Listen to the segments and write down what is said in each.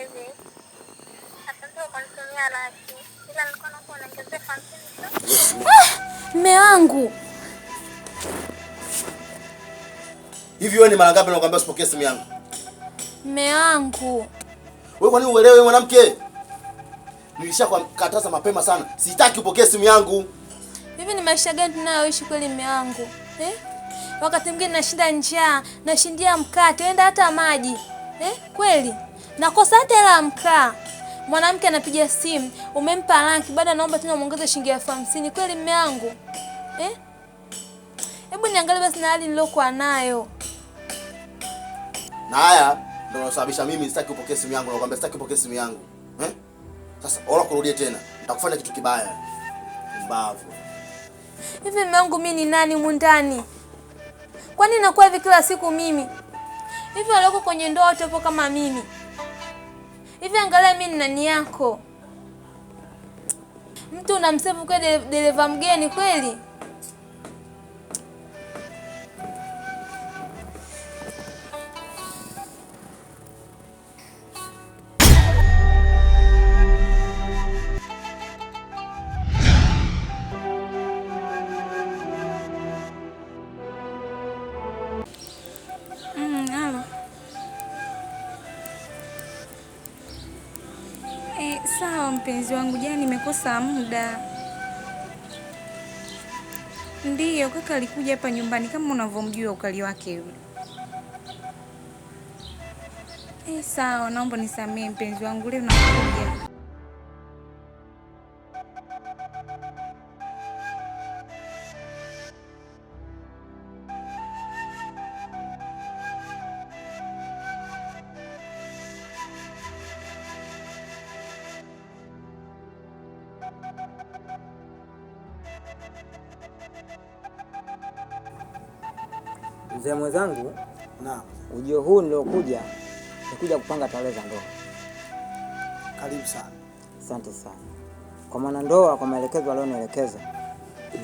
hivi ah, mme wangu hivi, wewe ni mara ngapi nakwambia usipokee simu yangu? Mme wangu wewe, kwa nini uelewe? mwanamke nilisha nilishakukataza mapema sana, sitaki upokee simu yangu. Hivi ni maisha gani tunayoishi kweli, mme wangu eh? Wakati mwingine nashinda njaa, nashindia mkate, enda hata maji eh? kweli na kosa hata la mkaa. Mwanamke anapiga simu, umempa laki, baada naomba tena muongeze shilingi elfu hamsini. Kweli mme wangu eh? Hebu niangalie basi na hali nilokuwa nayo. Na haya ndio nasababisha mimi sitaki upokee simu yangu, nakwambia sitaki upokee simu yangu eh? Sasa ola kurudie tena, nitakufanya kitu kibaya. Mbavu hivi mme wangu, mimi ni nani mundani? Kwani nakuwa hivi kila siku mimi hivi? Walioko kwenye ndoa wote wapo kama mimi hivi, angalia mimi nani yako? Mtu unamsevu kwa dereva mgeni kweli? Sawa mpenzi wangu, jana nimekosa muda. Ndiyo kaka alikuja hapa nyumbani kama unavyomjua ukali wake yule. Eh, sawa, naomba nisamee mpenzi wangu leo na Mzee mwenzangu, naam, ujio huu niliokuja nikuja kupanga tarehe za ndoa. Karibu sana. Asante sana kwa mwanandoa, kwa maelekezo alionielekeza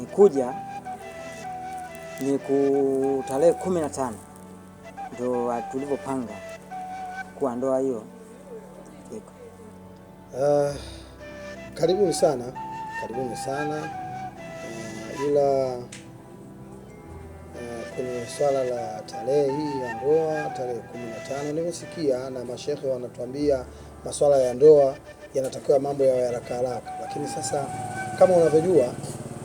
nikuja ni ku tarehe kumi na tano ndo tulivyopanga kuwa ndoa hiyo iko. Uh, karibuni sana, karibuni sana uh, ila kwenye swala la tarehe hii ya ndoa, tarehe kumi na tano nimesikia na mashehe wanatuambia maswala ya ndoa yanatakiwa mambo ya haraka haraka, lakini sasa kama unavyojua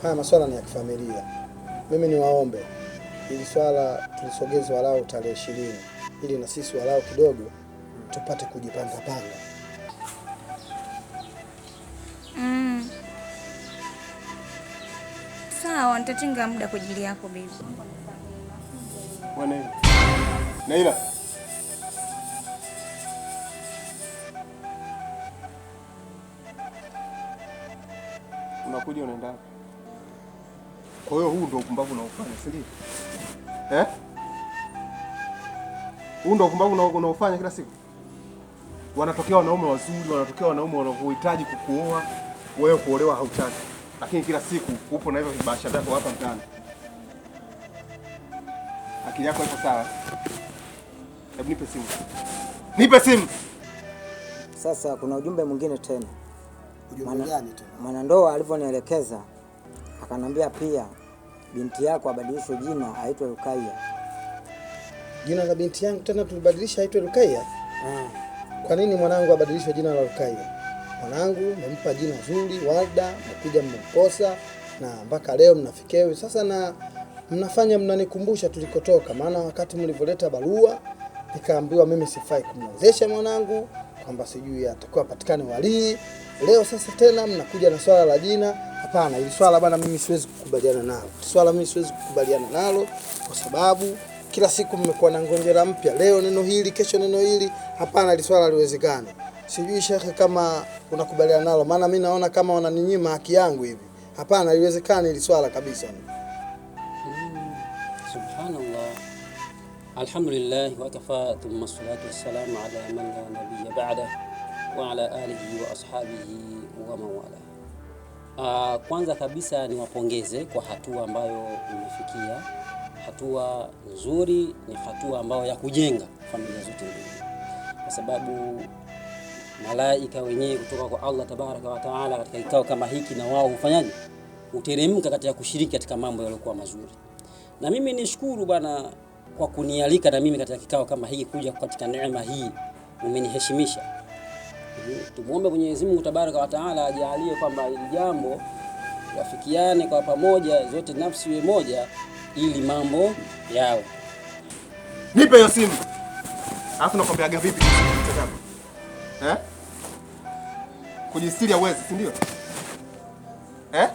haya maswala ni ya kifamilia. Mimi niwaombe ili swala tulisogeze walau tarehe ishirini ili na sisi walau kidogo tupate kujipanga panga. Mm. Sawa, nitatenga muda kwa ajili yako bibi. Bwana Naila, unakuja unaenda. Kwa hiyo huu ndio upumbavu unaofanya, si ndio? Eh? Huu ndio upumbavu unaofanya kila siku. Wanatokea wanaume wazuri, wanatokea wanaume wanaohitaji kukuoa, wewe kuolewa hautaki, lakini kila siku upo na hivyo vibasha vyako hapa mtaani. Akili yako iko sawa? Hebu nipe simu, nipe simu. Sasa kuna ujumbe mwingine tena. Ujumbe gani tena? Mwanandoa alivyonielekeza akanambia, pia binti yako abadilishe jina aitwe Rukaiya. Jina la binti yangu tena tulibadilisha aitwe Rukaiya? Ah. Kwa nini mwanangu abadilishwe jina la Rukaiya? Mwanangu mempa jina zuri walda mnakuja mmemkosa na mpaka leo mnafikia hivi sasa na mnafanya mnanikumbusha tulikotoka, maana wakati mlivyoleta barua nikaambiwa mimi sifai kumwezesha mwanangu kwamba sijui atakuwa patikane walii. Leo sasa tena mnakuja na swala la jina. Hapana, ili swala bana, mimi siwezi kukubaliana nalo, swala mimi siwezi kukubaliana nalo kwa sababu kila siku mmekuwa na ngonjera mpya, leo neno hili, kesho neno hili. Hapana, ili swala liwezekane. Sijui shekhe kama unakubaliana nalo, maana mimi naona kama wananinyima haki yangu hivi. Hapana, liwezekane ili swala kabisa. Alhamdulillah wakafa thumma salatu wassalamu ala man la nabiyya ba'da wa ala alihi wa ashabihi wa mawala. Ah, kwanza kabisa niwapongeze kwa hatua ambayo mmefikia. Hatua nzuri, ni hatua ambayo ya kujenga familia zote mbili, kwa sababu malaika wenyewe kutoka kwa Allah tabaraka wa taala katika kikao kama hiki, na wao hufanyaje? Huteremka katika kushiriki katika mambo yaliyokuwa mazuri, na mimi nishukuru bwana kwa kunialika na mimi katika kikao kama hiki kuja katika neema hii, umeniheshimisha. Mhm. Tumwombe Mwenyezi Mungu Tabaraka wa Taala ajalie kwamba ili jambo wafikiane kwa pamoja, zote nafsi iwe moja, ili mambo yao. Nipe hiyo simu. Alafu nakwambiaga vipi eh? Kujistiri hauwezi, si ndio? Eh?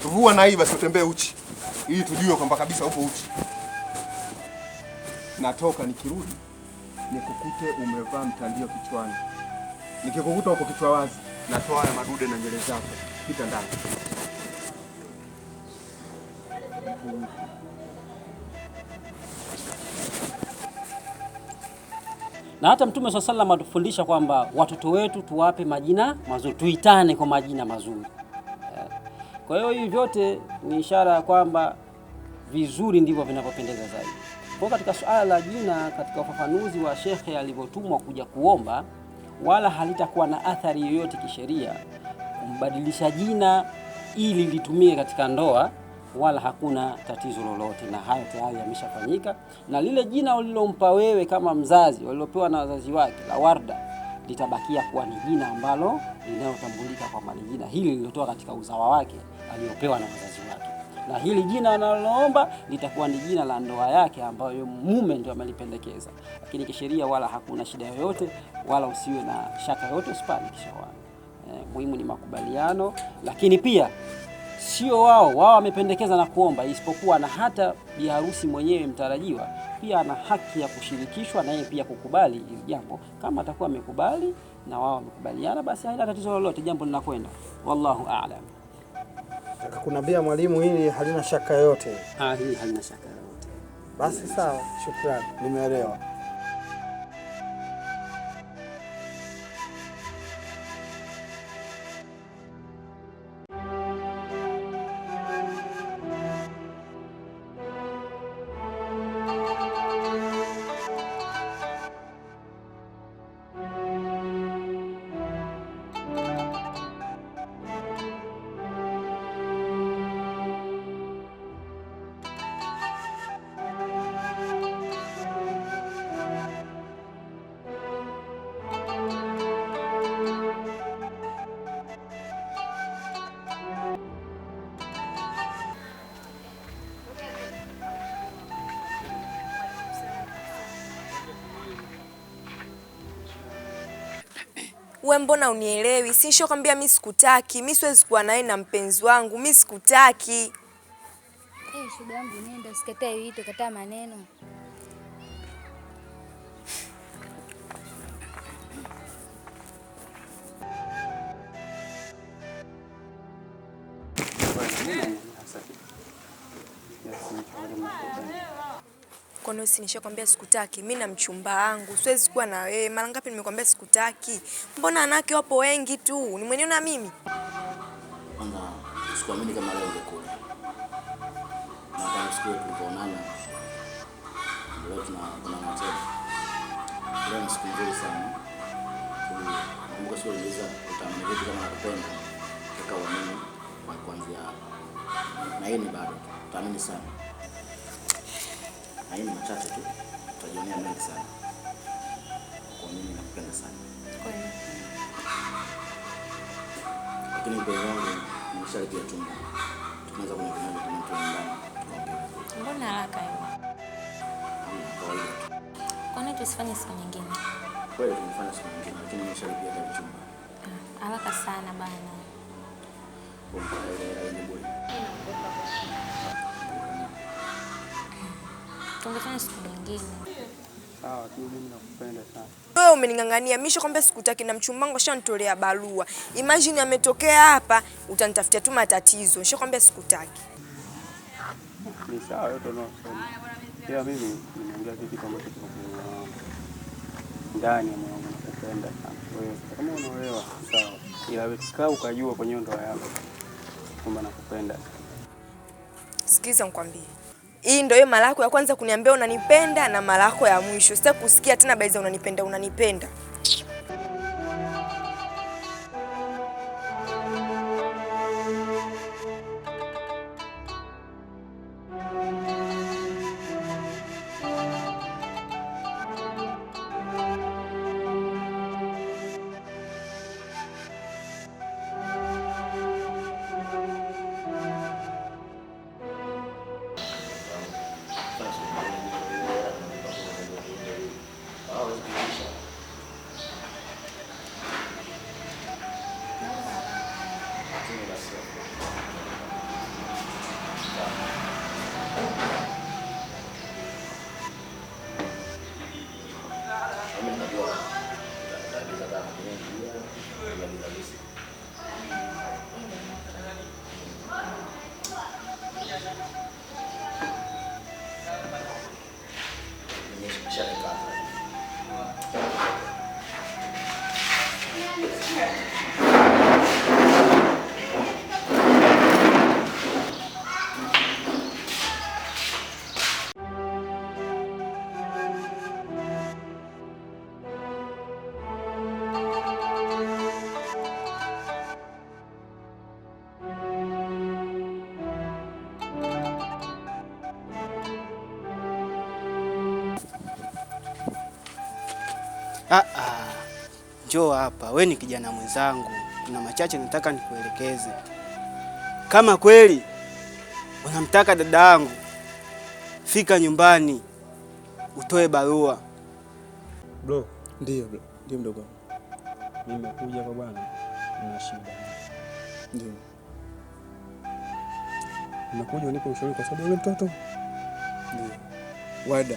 Vua na hii basi utembee uchi ili tujue kwamba kabisa upo uchi natoka nikirudi nikukute umevaa mtandio kichwani, nikikukuta uko kichwa wazi, natoa haya madude na nywele zako, pita ndani. Na hata Mtume swalla sallam atufundisha kwamba watoto wetu tuwape majina mazuri, tuitane kwa majina mazuri. Eh, kwa hiyo hivi vyote ni ishara ya kwamba vizuri ndivyo vinavyopendeza zaidi. Kwa katika suala la jina katika ufafanuzi wa shekhe alivyotumwa kuja kuomba, wala halitakuwa na athari yoyote kisheria kumbadilisha jina ili litumie katika ndoa, wala hakuna tatizo lolote, na hayo tayari yameshafanyika. Na lile jina ulilompa wewe kama mzazi, walilopewa na wazazi wake, la Warda, litabakia kuwa ni jina ambalo linalotambulika kwamba ni jina hili lililotoka katika uzawa wake aliyopewa na wazazi wake na hili jina analoomba litakuwa ni jina la ndoa yake ambayo mume ndio amelipendekeza, lakini kisheria wala hakuna shida yoyote, wala usiwe na shaka yoyote, usipanikisha e, eh, muhimu ni makubaliano, lakini pia sio wao wao wamependekeza na kuomba, isipokuwa na hata biharusi mwenyewe mtarajiwa pia ana haki ya kushirikishwa na yeye pia kukubali hili jambo. Kama atakuwa amekubali na wao wamekubaliana, basi haina tatizo lolote, jambo linakwenda. Wallahu aalam akakunambia mwalimu, hili halina shaka yote. Ah, hili halina shaka yote. Basi sawa, shukrani, nimeelewa. we mbona unielewi? Si nishakwambia mi sikutaki, mi siwezi kuwa naye na mpenzi wangu, mi sikutaki. Hey, eh, shoga yangu nenda, usikatae wito, kataa maneno. mkono wewe, nishakwambia sikutaki. Mimi na mchumba wangu siwezi kuwa na wewe. Mara ngapi nimekwambia sikutaki? Mbona anake wapo wengi tu, ni mwenyewe na mimi sikuamini kama leo Na siku tuna kuna Leo ni siku nzuri sana. kama Kaka kwa kwanza Na hii ni bado. Utaamini sana maneno machache tu utajionea mengi sana. Kwa nini nakupenda sana lakini bei yangu nimeshalipia chumba, tunaweza kwenda kunana na mtu nyumbani. Mbona haraka hiyo? Kwa nini tusifanye siku nyingine? Kweli tunafanya siku nyingine, lakini nimeshalipia kile chumba. Haraka sana bana tungefanya siku nyingine. Sawa tu, mimi nakupenda sana. Wewe umening'ang'ania misho kwamba sikutaki na mchumbangu ashanitolea barua. Imagine ametokea hapa utanitafutia tu matatizo. Nishakwambia sikutaki. Ni sawa yote no. mimi nimeongea kitu kama kitu ndani ya nakupenda sana. Wewe kama unaolewa sawa. Ila wewe ukajua kwenye ndoa yako kwamba nakupenda. Sikiza nikwambie. Hii ndio hiyo mara yako ya kwanza kuniambia unanipenda na mara yako ya mwisho. Sitaki kusikia tena baiza unanipenda unanipenda. njoo hapa, we ni kijana mwenzangu, kuna machache nataka nikuelekeze. Kama kweli unamtaka dada yangu, fika nyumbani utoe barua. Bro, ndio bro, ndio mdogo nimekuja kwa bwana, nina shida. Ndio nimekuja unipe ushauri, kwa sababu yule mtoto ndio Warda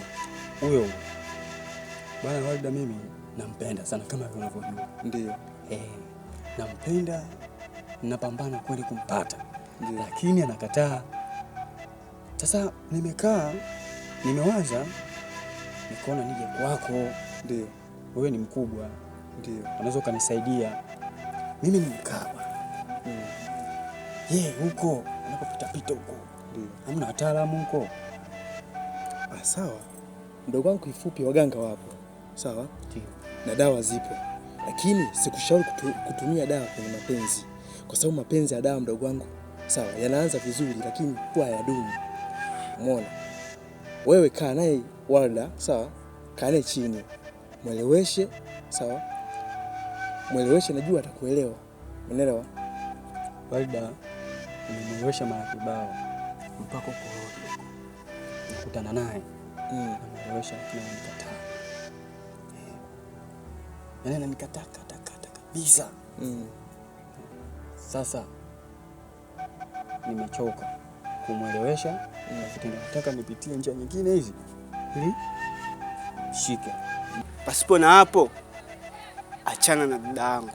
huyo bwana Warda mimi nampenda sana kama vile unavyojua. Ndio. Eh, nampenda, napambana kweli kumpata. Ndiyo. Lakini anakataa. Sasa nimekaa nimewaza, nikaona nije kwako. Ndio. Wewe ni mkubwa, ndio unaweza ukanisaidia. Mimi ni mkaba ye huko pita huko, hamna wataalamu huko. Ah, sawa, mdogo wangu, kifupi waganga wapo. Sawa, ndio na dawa zipo, lakini sikushauri kutu, kutumia dawa kwenye mapenzi, kwa sababu mapenzi ya dawa, mdogo wangu, sawa, yanaanza vizuri, lakini huwa hayadumu. Umeona? Wewe kaa naye wala, sawa, kaa naye chini, mweleweshe, sawa, mweleweshe, najua atakuelewa, umeelewa? Walda, nimemwelewesha mara kibao mpaka uko nakutana naye, mm. namwelewesha lakini mkataa yaani ananikataa katakata kabisa. mm. Sasa nimechoka kumwelewesha mm. Nataka nipitie njia nyingine hizi ili shike pasipo na hapo, achana na dada yangu.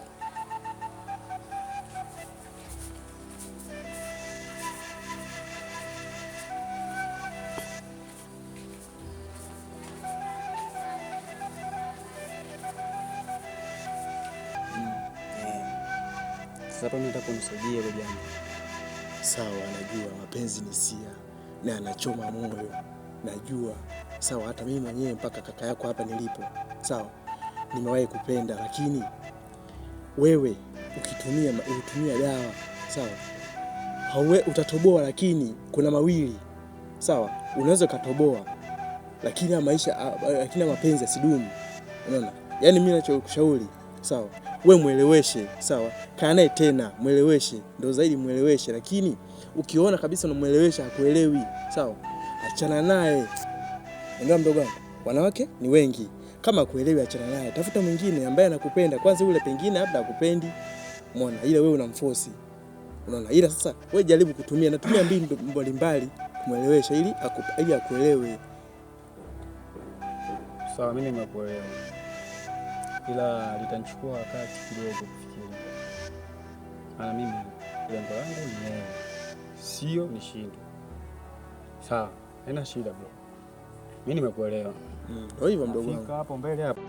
Sasa hapa mimi nataka unisaidie wewe jambo. Sawa, najua mapenzi ni sia na anachoma moyo, najua sawa. Hata mimi mwenyewe mpaka kaka yako hapa nilipo, sawa, nimewahi kupenda, lakini wewe ukitumia ukitumia dawa sawa, hauwe utatoboa, lakini kuna mawili sawa, unaweza ukatoboa, lakini maisha, ah, lakini mapenzi asidumu Unaona, yaani mimi nachokushauri sawa we mweleweshe, sawa, kaa naye tena mweleweshe, ndo zaidi mweleweshe. Lakini ukiona kabisa unamwelewesha hakuelewi, sawa, achana naye. Ndio mdogo wangu, wanawake ni wengi, kama kuelewi, achana naye, tafuta mwingine ambaye anakupenda kwanza. Yule pengine labda akupendi, umeona, ile wewe unamforce, unaona. Ila sasa wewe jaribu kutumia, natumia mbinu mbalimbali kumwelewesha ili akuelewe. Sawa, mimi nimekuelewa ila litanichukua wakati kidogo kufikiria. Maana mimi lengo langu ni yeye, sio nishindwe. Sawa, haina shida bro, mimi nimekuelewa. Mm. Hivyo mdogo wangu hapo mbele hapo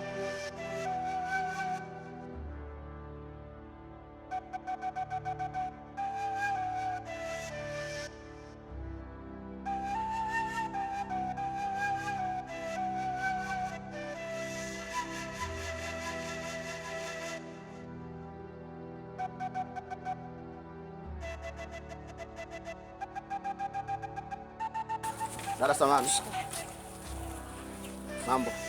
Dada samani, mambo